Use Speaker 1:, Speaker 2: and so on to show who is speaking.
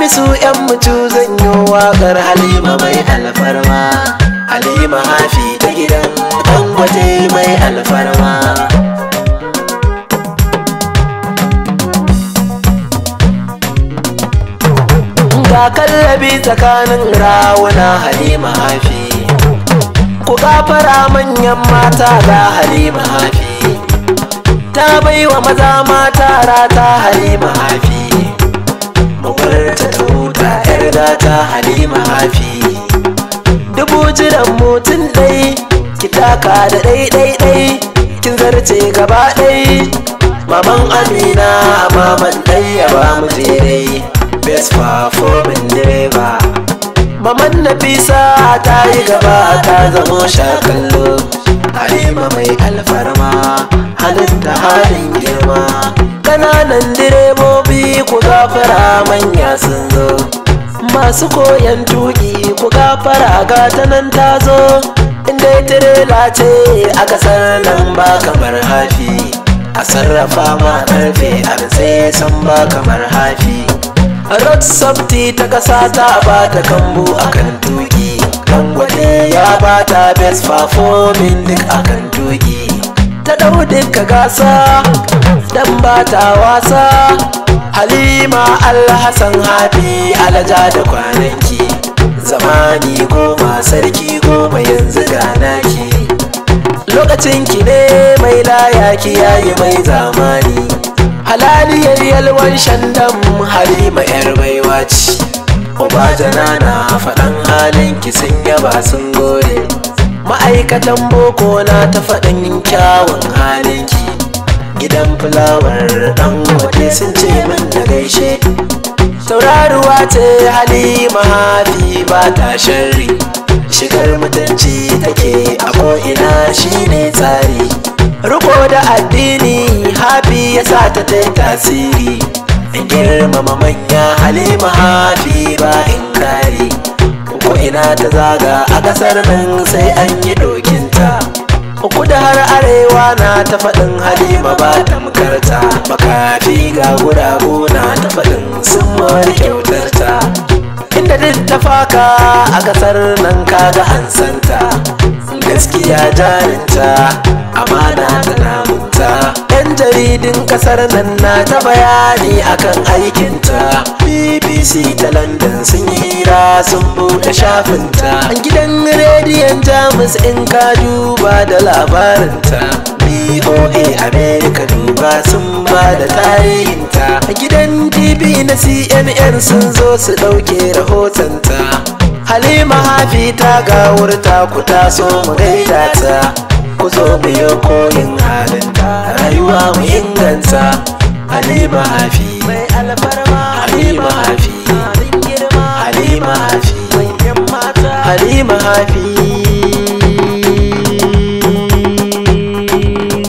Speaker 1: misu yan mutu zanyo waƙar halima mai alfarma halima hafi ta gidan waje mai alfarma ga kallabi tsakanin rawuna halima hafi ku fara manyan mata ga halima hafi ta baiwa maza mata rata halima hafi kwakwalwarta ta huta yar gata halima hafi dubu jiran mutum ɗai ki taka da ɗai ɗai ɗai kin zarce gaba ɗai maman amina maman ɗai ya ba mu jerai best performing driver maman nafisa ta yi gaba ta zamo shakallo halima mai alfarma halin ta halin girma gafara manya sun zo masu koyan tuki ku gafara gata nan ta zo inda tirela ce a kasar nan ba kamar hafi a sarrafa ma karfe a sai san ba kamar hafi road safety ta kasa ta ba ta kambu akan tuki dangote ya ba ta best performing duk akan tuki ta dau duka gasa dan bata wasa hali ma Hassan, hafi alaja da kwananki zamani goma sarki goma yanzu gana ki. lokacin ki ne mai laya ki yayi mai zamani halaliyar yalwan shandan halima yar baiwa ce Oba janana faɗan halin ki sun yaba sun gore ma'aikatan boko na ta faɗin kyawun hali gidan fulawar dan wate sun ce min da gaishe tauraruwa ce halima hafi ba ta sharri shigar mutunci take a ko'ina shine tsari riko da addini hafi ya sa ta ta tasiri girmama manya halima hafi ba in kari ko'ina ta zaga a kasar nan sai an yi doki uku da har arewa na ta faɗin halima ba tamkarta makafi ga guragu na ta faɗin sun mara kyautarta inda duk ta faka a ƙasar nan kaga hansanta gaskiya jarinta amana da namunta yan jaridin ƙasar nan na ta bayani akan aikinta bbc ta london sun yi ta sun buɗe shafinta gidan rediyon jamus in ka duba da labarinta BOA America duba sun ba da tarihinta a gidan TV na CNN sun zo su ɗauke rahotonta Halima Hafi ta gawar ku taso mu gaida ta ku zo mu yi koyin halin rayuwa mu inganta Halima Hafi Halima Hafi halima hafi